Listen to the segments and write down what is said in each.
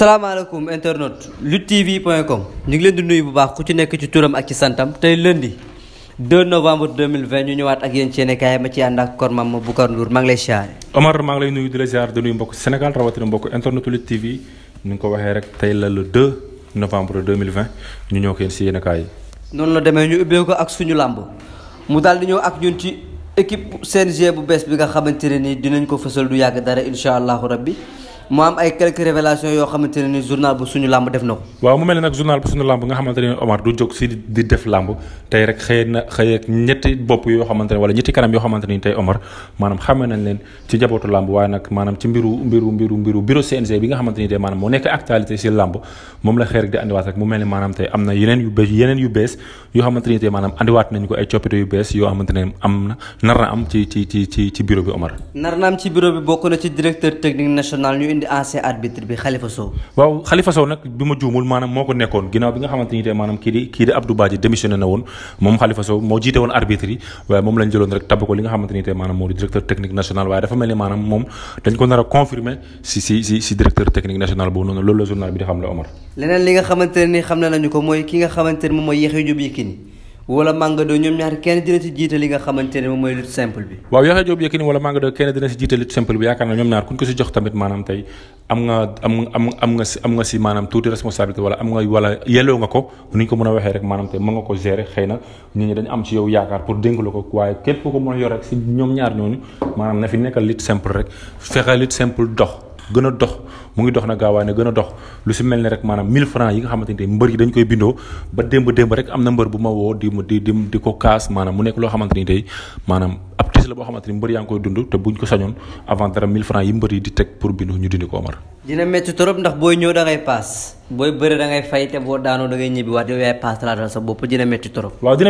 salaamaaleykum internet Lutte TV com ñu ngi leen di nuyu bu baax ku ci nekk ci turam ak ci santam tey lundi 2 novembre 2020 ñu ñëwaat ak yéen ci yéen kaay ma ci ànd ak kor mam Boucar Ndour maa ngi lay siyaare. Omar maa ngi nuyu di la siyaare di nuyu mbokk Sénégal rawatina mbokk internet Lutte TV ni nga ko waxee rek tey la le 2 novembre 2020 ñu ñëw ko yéen si yéen kaay noonu la demee ñu ubbee ko ak suñu làmb mu daal di ñëw ak ñun ci équipe CNG bu bees bi nga xamante ne nii dinañ ko fësal du yàgg dara incha allahu rabbi. mu am ay quelques révélations yoo xamante ne ni journal bu suñu làmb def na ko. waaw mu mel na xëy ci bureau bi am na yeneen yu bees yeneen yu bees yoo xamante ni tey maanaam andiwaat nañ ko ay coppite yu bees yoo xamante na nar na am ci ci ci ci bureau bi Omar. nar na am ci bureau bi bokk na ci directeur technique national indi ancien arbitre bi Khalifa Sow. waaw Khalifa Sow nag bi ma juumul maanaam moo ko nekkoon ginnaaw bi nga xamante maanaam kii di kii di Abdou Badji na woon moom Khalifa Sow moo jiite woon arbitre yi waaye moom lañ jëloon rek tabb ko li nga xamante maanaam moo di directeur technique national waaye dafa mel ni maanaam moom dañ ko nar a confirmer si si si si directeur technique national boobu noonu loolu la journal bi di xam la Omar. wala Manga 2 ñoom ñaar kenn dina ci jiite li nga xamante ne moom mooy lutte simple bi waaw Yaxya Joob Yékini wala Manga 2 kenn dina ci jiite lutte simple bi yaakaar na ñoom ñaar kuñ ko si jox tamit maanaam tey am nga am am am nga si am nga si maanaam tuuti responsabilité wala am nga wala yelloo nga ko ni ñu ko mën a waxee rek maanaam tey mën nga ko gérer xëy na nit ñi dañu am ci yow yaakaar pour dénk la ko waaye képp ko mën a yor rek si ñoom ñaar ñooñu maanaam na fi nekkal lutte simple rek fexe lutte simple dox gën a dox mu ngi dox na gaawaay ne gën a dox lu si mel ni rek maanaam 1000 francs yi nga xamante ni mbër yi dañ koy bindoo ba démb démb rek am na mbër bu ma woo di di di ko kaas maanaam mu nekk loo xamante ni tey maanaam crise la boo xamante ni mbër yaa ngi koy dund te buñ ko sañoon avant dara 1000 francs yi mbër di teg pour bindu ñu dindi ko Omar dina métti trop ndax booy ñëw da paas booy bëre da fay te boo daanoo da ñibbi wax dina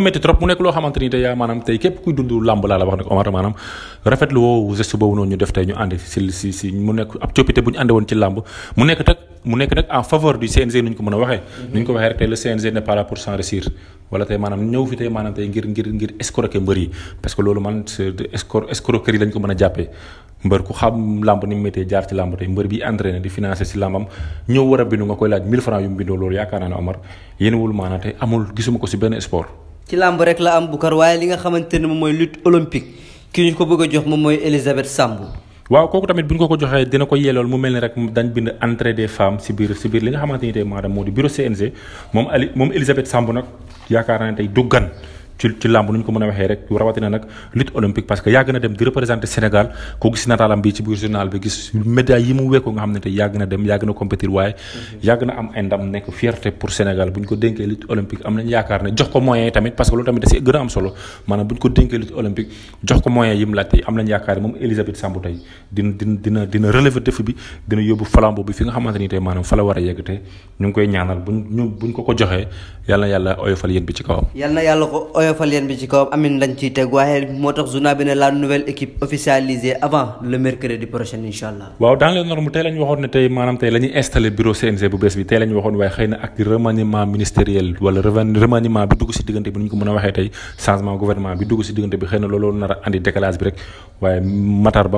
métti trop mu nekk loo xamante te yaa maanaam tey képp kuy dund làmb laa la wax nag Omar maanaam rafetlu woowu geste boobu noonu ñu def tey ñu ànd si si si mu nekk ab coppite bu ñu ànde woon ci làmb mu nekk nag mu nekk wala tey maanaam ñëw fi tey maanaam tey ngir ngir ngir escroquer mbër yi parce que loolu man escro escroquerie lañ ko mën a jàppee mbër ku xam làmb ni mu jaar ci làmb tey mbër bi entraîné di financé si a bindu laaj 1000 francs yu mu yaakaar naa ne Omar ko si benn sport ci làmb rek la am Boucar waaye li nga xamante ne moom mooy lutte olympique ki ñu ko bëgg a jox moom mooy Elisabeth ñu ko ko joxee dina ko yelool mu mel ni rek dañ bind entrée des femmes si biir biir li nga xamante ni tey maanaam moo di bureau CNG moom ali moom Elisabeth nag yaakaar naa ne tey du gan ci ci làmb nu ñu ko mën a waxee rek rawatina nag lutte olympique parce que yàgg na dem di représenter Sénégal ko gis nataalam bi ci biir journal bi gis médaille yi mu wekku nga xam ne te yàgg na dem yàgg na compétir waaye mhm. yàgg na am ay nekk fierté pour Sénégal bu ñu ko dénkee lutte olympique jox ko moyens yi tamit parce que am solo maanaam bu moom Elisabeth Sambou tey dina relever défi bi dina yóbbu flambeau bi fi nga xamante ni tey maanaam fa war oyofal yéen bi ci kawam amin lañ ciy teg waaye moo tax journal bi ne la nouvelle équipe officialisée avant le mercredi prochain incha allah. waaw dans les normes tey la waxoon ne tey maanaam tey la installé bureau CNG bu bees bi tey la waxoon waaye xëy na ak remaniement ministériel wala remaniement bi dugg si diggante bi ni ñu ko mën a waxee tey changement gouvernement bi dugg si diggante bi xëy na looloo nar andi décalage bi rek waaye Matar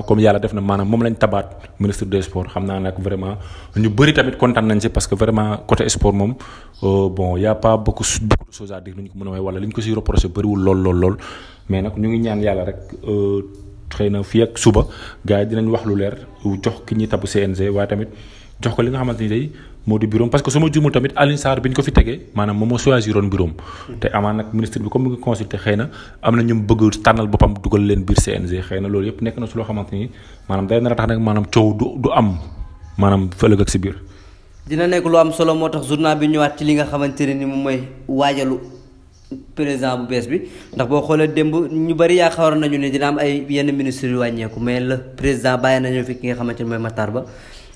marché bëriwul lool lool lool mais nag ñu ngi ñaan yàlla rek euh, xëy na fii ak suba gars yi dinañ wax lu leer jox ki ñuy tabu CNG waaye tamit jox ko li nga xamante ni ne moo di bureau parce que su ma ko fi tegee maanaam moom moo choisiroon bureau te amaan nag ministre bi comme mi ngi consulté xëy na am na ñu bëgg tànnal boppam na loolu yëpp nekk loo xamante ni maanaam day nar a tax nag maanaam coow du du am maanaam fëlëg ak si biir. dina nekk lu am solo moo tax journal bi ñëwaat ci li nga xamante mooy waajalu président bu bees bi ndax boo xoolee démb ñu bari yaa yaakaaroon nañu ne dina am ay yenn ministre yu wàññeeku mais la président bàyyi nañu fi ki nga xamante ne mooy Matar Ba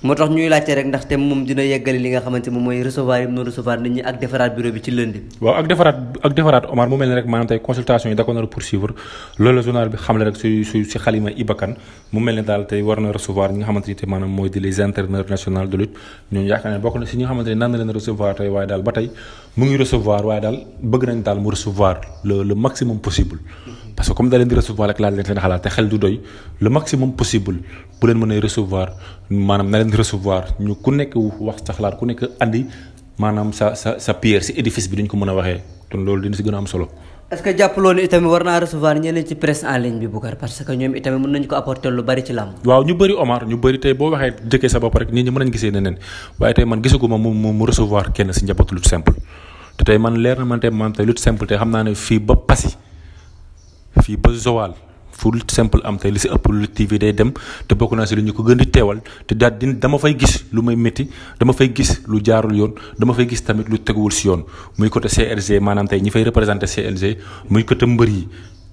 moo tax ñuy laajte rek ndax te moom dina yeggale li nga xamante moom mooy recevoir yi mu recevoir nit ñi ak defaraat bureau bi ci lundi. waaw ak defaraat Omar mu mel ne rek maanaam tey consultation yi da ko nar a poursuivre loolu la journal bi xam le rek su ne daal tey war na recevoir ñi nga xamante ni maanaam mooy di les internationaux de lutte ñooñu yaakaar ne bokk na si ñi nga xamante ni nan na leen recevoir tey waaye daal ba tey mu ngi recevoir waaye daal bëgg nañ daal mu recevoir le maximum parce que comme da leen di recevoir rek laaj leen seen xalaat te xel du doy le maximum possible bu leen mën a recevoir maanaam na leen recevoir ñu ku nekk wax ko mën a waxee kon loolu dina si gën a am solo. est-ce que jàpp loolu itamit war naa recevoir ñeneen ci parce que ñoom itamit waaw ñu bëri Omar ñu bëri tey boo waxee jëkkee sa bopp rek nit ñi mën nañu gisee neneen waaye tey man gisaguma mu mu recevoir kenn si njabootu lutte simple tey man leer na man tey man tey lutte simple tey xam naa ne fii ba Passy fii ba Joal fu simple am tey li si ëpp lu TV day dem te bokk naa si lu ñu ko gën di teewal te daal di dama fay gis lu may métti dama fay gis lu jaarul yoon dama fay gis tamit lu teguwul si yoon muy côté CLG maanaam tey ñi fay représenter CLG muy côté mbër yi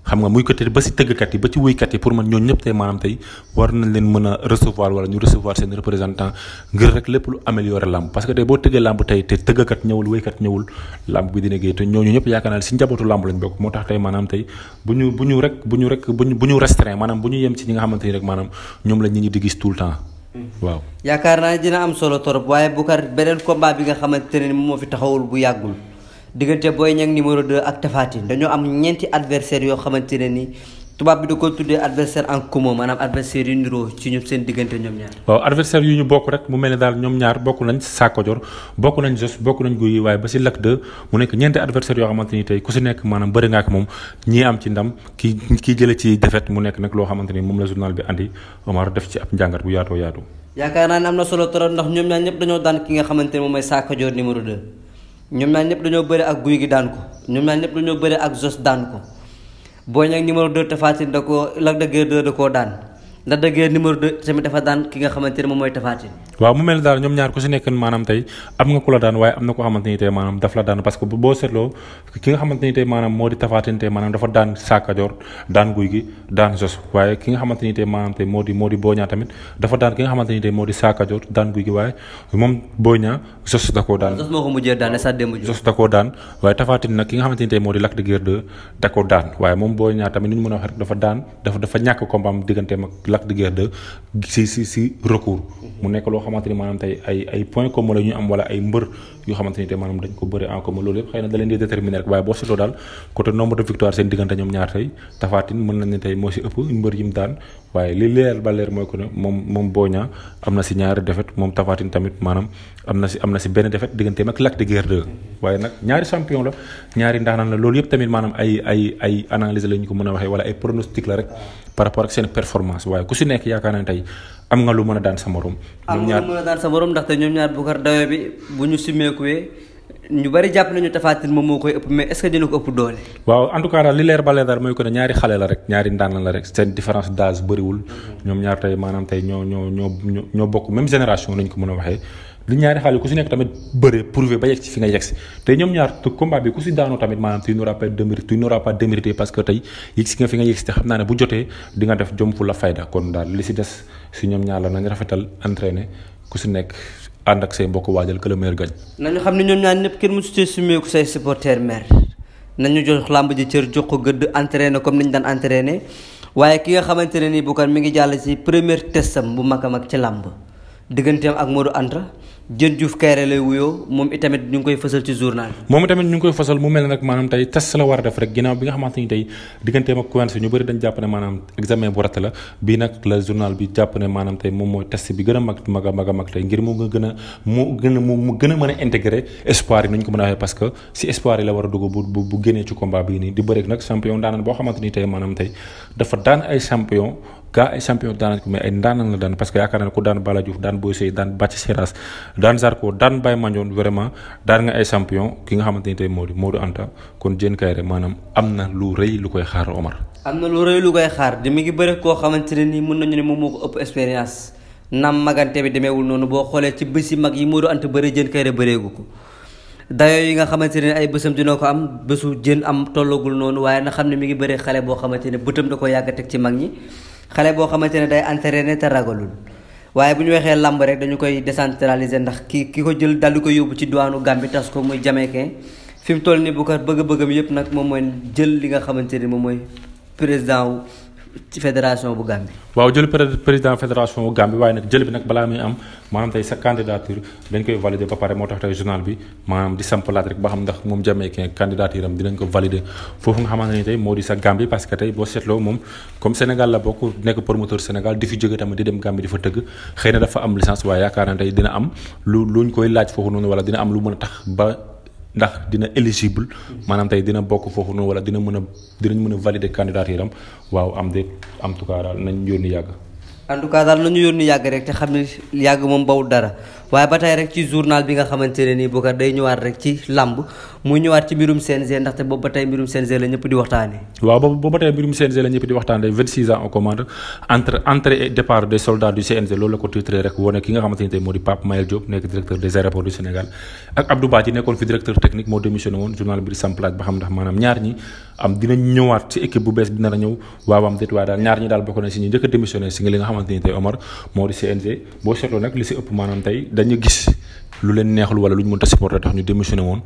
xam nga muy côté ba si tëggkat yi ba ci wuykat yi pour man ñooñu ñëpp tey maanaam tey war nañ leen mën a recevoir wala ñu recevoir seen représentant ngir rek lépp lu améliorer làmb parce que tey boo tëggee làmb tey te tëggkat ñëwul wuykat ñëwul làmb bi dina géey te ñooñu ñëpp yaakaar naa si njabootu làmb lañ bokk moo tax tey maanaam tey bu ñu bu ñu rek bu ñu rek maanaam bu ñu yem ci ñi nga xamante ni rek maanaam ñoom lañ ñi ñi di gis tout hmm. solo torop waaye Boucar beneen combat bi nga xamante ne moo fi bu yàggul diggante Boy Niang numéro 2 ak Tapha da ko tuddee adversaire en commun maanaam adversaire yu niroo ci ñoom seen diggante ñoom ni tey ku si nekk ndax ñoom ñaar ñëpp dañoo daan ki nga xamante ne moom mooy Sakajor numéro 2 ñoom ñaar ñëpp dañoo bëri ak guy gi daan ko ñoom ñaar ñëpp dañoo bëri ak Zoss daan ko Boy Niang numéro 2 Tapha Tine da koo Lac de Guiers 2 da koo daan Lac de Guiers numéro 2 tamit dafa daan ki nga xamante ne moom mooy Tapha Tine na ko xamante ni tey maanaam moo di Tapha Tine daan waaye ki nga xamante ni tey maanaam tey moo di moo di Boña tamit dafa daan ki nga xamante ni tey moo di saakajoor daan guy gi waaye moom Boña jos da koo daan jos moo ko daan waaye Tapha Tine nag moom Boña tamit ni ñu mën a wax rek dafa daan dafa ñàkk combat digganteem ak Lac de Guiers si si si recours. Mm-hmm. mu nekk loo xamante ni maanaam tey ay ay point commun la ñu am wala ay mbër. yoo xamante ni tey maanaam dañ ko bëri en commun loolu yëpp xëy na da leen rek waaye boo seetloo daal côté nombre de victoire seen diggante ñoom ñaar tey tafaatin mën nañ ne tey moo si ëpp mbër yi daan waaye li leer ba mooy ko ne moom moom Boña am na si ñaari défaite moom tafaatin tamit maanaam am na si am na si benn defet digganteem ak Lac de Guiers 2 waaye nag ñaari champion la ñaari ndaanaan la loolu yëpp tamit maanaam ay ay ay analyse la ñu ko mën a waxee wala ay pronostic la rek par rapport ak seen performance waaye ku si nekk yaakaar naa tey am nga lu mën a daan sa morom. ñoom ñaar am nga lu mën a daan sa morom te ñoom ñaar Boucar dawe bi bu ñu simeekuwee ñu bari jàpp nañu Tapha moom moo koy ëpp mais est ce que dina ko ëpp doole. waaw en tout cas li leer ba leer mooy ko ñaari xale la rek ñaari ndaan la rek seen différence d'âge bëriwul. Mhm. ñoom ñaar tey maanaam tey ñoo ñoo ñoo ñoo bokk même génération nañ ko mën a waxee. li ñaari xale ku si nekk tamit bëre prouver ba yegg si fi nga yegg si te ñoom ñaar te combat bi ku si daanoo tamit maanaam tu n'auras pas démérité tu n'auras pas démérité parce que tey yegg nga fi nga yegg te xam naa ne bu jotee di nga def jom la fayda kon daal li si des si ñoom ñaar la nañ rafetal entraîner ku si nekk ànd ak say mbokk waajal que le meilleur gagne. xam ne ñoom ñaar ñëpp kenn mësu cee sumeeku say supporter mer nañu jox làmb ji cër jox ko gëdd entraîner comme niñ daan entraîner waaye ki nga xamante ne nii bu kan mi ngi jàll si premier testam bu mag a mag Anta Diène Diouf Kairé lay wuyoo moom itamit ñu ngi koy fësal ci journal moom itamit ñu ngi koy fasal mu mel ne nag maanaam tey test la war a def rek ginnaaw bi nga xamante tey digganteem ak Quench ñu bëri dañ jàpp ne maanaam examen bu raté la bii nag la ne maanaam tey moom mooy test bi gën a mag mag mag a ngir mu gën a mu gën a mu gën a mën a intégré espoir yi nu ñu a parce que si la war a dugg bu bu génnee ci combat bii nii di bëreek nag champion daanaan ni tey maanaam tey dafa daan ay champion gaa ay champion daan ko mais ay ndaanan la daan parce que yaakaar naa ne ku daan Bala Diouf daan Boy Sey daan Bathie Seras daan Zarko daan Baye Mandione vraiment daan nga ay champion ki nga xamante ni tey Modou Modou Anta kon Diène Kaïré maanaam am na lu rëy lu koy xaar Omar. am na lu rëy lu koy xaar di mi ngi bëre koo xamante ne nii mën nañu ne moom moo ko ëpp expérience naam magante bi demeewul noonu boo xoolee ci bés yi mag yi Modou Anta bëre Diène Kaïré bëreegu ko. dayoo yi nga xamante ne ay bësam dina ko am bésu jën am tollagul noonu waaye na xam ne mi ngi bëre xale boo xamante ne bëtam da ko yàgg teg ci mag ñi xale boo xamante ne day entraîné te ragalul waaye bu ñu waxee làmb rek dañu koy décentraliser ndax ki ki ko jël dal ko yóbbu ci diwaanu Gàmbi tas ko muy Jamaïcain fi mu toll nii bu ko bëgg-bëggam yëpp nag moom mooy jël li nga xamante ni moom mooy président wu ci fédération bu Gambie. waaw jël président fédération bu Gambie waaye nag jël bi nag balaa muy am maanaam tey sa candidature dañ koy valider ba pare moo tax tey journal bi maanaam di xam ndax moom Jamaïcain candidature am dinañ ko valider foofu nga xamante ne tey moo di sa Gambie parce que tey boo seetloo moom comme Sénégal la bokk nekk promoteur Sénégal di fi jóge tamit di dem Gambie di tëgg xëy na dafa am licence waaye yaakaar naa tey dina am lu luñ koy laaj foofu noonu wala dina am lu mën a tax ba. ndax dina éligible maanaam tey dina bokk foofu noonu wala dina mën a dinañ mën a valider candidature am waaw am de am tout cas daal nañ yónni yàgg en tout cas daal nañu yónni yàgg rek te xam ne yàgg moom bawul dara waaye ba tey rek ci journal bi nga xamante ne nii Boucar day ñëwaat rek ci làmb mu ñëwaat ci mbirum CNG ndaxte boobu ba waaw boobu ba tey mbirum CNG la rek nga xamante ni tey moo di Pape Mayel bi di samplaaj ba xam ndax maanaam ñaar ñi am dinañ ñëwaat ci a ñëw waawaam déet waaye daal ñaar ñi daal bokk si ñu njëkk a démissionné si nga li nga xamante ni tey Omar moo di CNG boo seetloo nag li si ëpp maanaam tey dañu gis lu leen neexul wala lu ñu mënta supporter tax ñu démissionné woon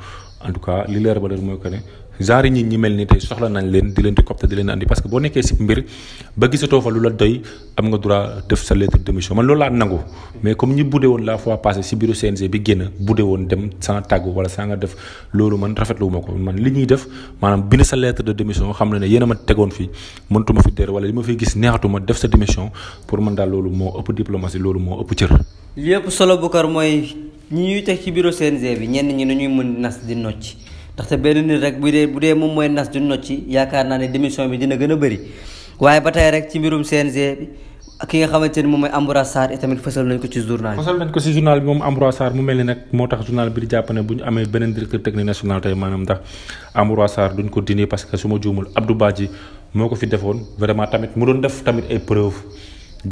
en tout cas li leer ba leer mooy que ne genre nit ñi mel ni tey soxla nañ leen di leen di copte di leen andi parce que boo nekkee si mbir ba gisatoo fa lu la doy am nga droit def sa lettre de démission man loolu laa nangu mais comme ñi budde woon la fois passée si bureau CNG bi génn budde woon dem sans tàggu wala sans nga def loolu man rafetlu ma ko man li ñuy def maanaam bind sa lettre de démission xam ne yéen a ma tegoon fi mëntuma fi der wala li ma fiy gis neexatuma def sa démission ndaxte benn nit rek bu dee bu dee moom mooy nas du nocci yaakaar naa ne démission bi dina gën a bëri waaye ba tey rek ci mbirum CNG ki nga xamante ni moom mooy Ambroise Sarr et tamit fësal nañ ko ci journal bi. nañ ko ci journal bi moom Ambroise Sarr mu mel ni nag moo tax journal bi di jàpp ne bu ñu amee beneen directeur technique national tey maanaam ndax Ambroise Sarr duñ ko dindi parce que su ma juumul Abdou Badji moo ko fi defoon vraiment tamit mu doon def tamit ay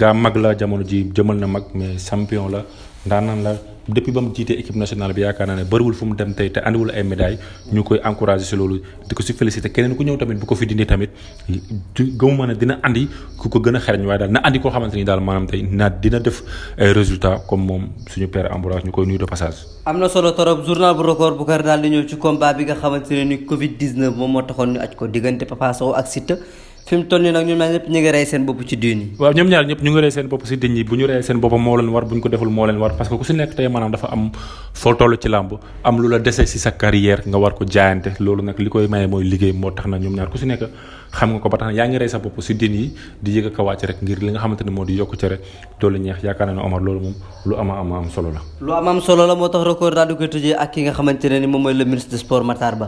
gaa mag la jamono ji na mag mais champion la ndaanaan la depuis ba mu jiitee équipe nationale bi yaakaar naa ne bëriwul fu mu dem tey te andiwul ay médailles ñu koy encouragé si loolu di ko si félicité keneen ku ñëw tamit bu ko fi dindi tamit gëmuma ne dina andi ku ko gën a xereñ waaye daal na andi koo xamante daal maanaam tey na dina def ay résultats comme moom suñu père Ambroise ñu koy nuyu de passage. am na solo torop journal bu record bu ko fi mu nii nag ñoom ñaar ñëpp ñu ngi rey seen bopp ci diin yi waaw ñoom ñaar ñëpp ñu ngi rey seen bopp si diin yi bu ñu rey seen bopp moo leen war bu ñu ko deful moo leen war parce que ku si nekk tey maanaam dafa am foo toll ci làmb am lu la dese si sa carrière nga war ko jaayante loolu nag li koy maye mooy liggéey moo tax na ñoom ñaar ku si nekk xam nga ko ba tax na yaa ngi rey sa bopp si diin yi di yëg ak wàcc rek ngir li nga xamante moo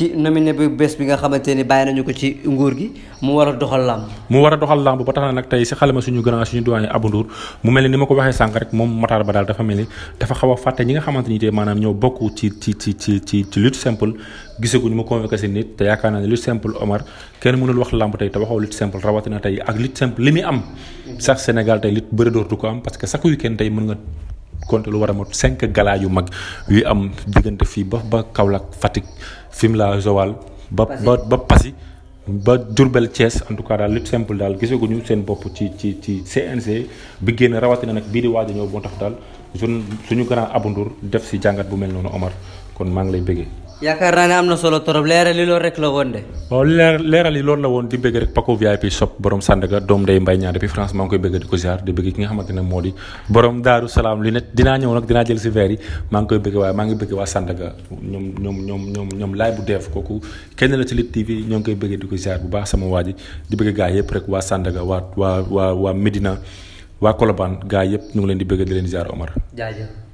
ci nominé bu bees bi nga xamante ni bàyyi nañu ko ci nguur gi mu war a doxal làmb mu war a doxal làmb ba tax na nag tey si xalama suñu grand suñu doyen Abou Ndour mu mel ni ma ko waxee sànq rek moom Matar Ba daal dafa mel ni dafa xaw a fàtte ñi nga xamante ni tey maanaam ñoo bokk ci ci ci ci ci simple gisaguñu ma convoqué si nit te yaakaar naa ne lutte simple Omar kenn mënul wax làmb tey te waxoo lutte simple rawatina tey ak lutte simple li muy am mm-hmm. nga compté lu war a mot cinq gala yu mag yu am diggante fii ba ba Kaolack Fatick Fimela Joal ba ba ba Passy ba Diourbel Thiès en tout cas daal lutte simple daal gisaguñu seen bopp ci ci ci CNG bi génn rawatina nag bii di waaj a ñëw moo tax daal suñu suñu grand Abou Ndour def si jàngat bu mel noonu Omar kon maa ngi lay bëggee. yaakaar naa ne am na solo trop leeral yi loolu rek la woon de. waaw leeral loolu la woon di bëgg rek Paco VIP shop borom Sandaga doom day mbay ñaar depuis France maa ngi koy bëgg di ko ziar di bëgg ki ne moo di borom Daaru Salaam lu ne dinaa ñëw nag dinaa jël si verre yi koy bëgg waaye maa ngi bëgg waa Sandaga ñoom ñoom ñoom ñoom ñoom laay bu def kooku kenn la ci Lutte ñoo ngi koy bëgg di ko ziar bu baax sama waa ji di bëgg gaa yëpp rek waa Sandaga waa waa waa waa Medina waa Colobane gaa yëpp ñu ngi leen di bëgg di leen ziar Omar. jaajëf.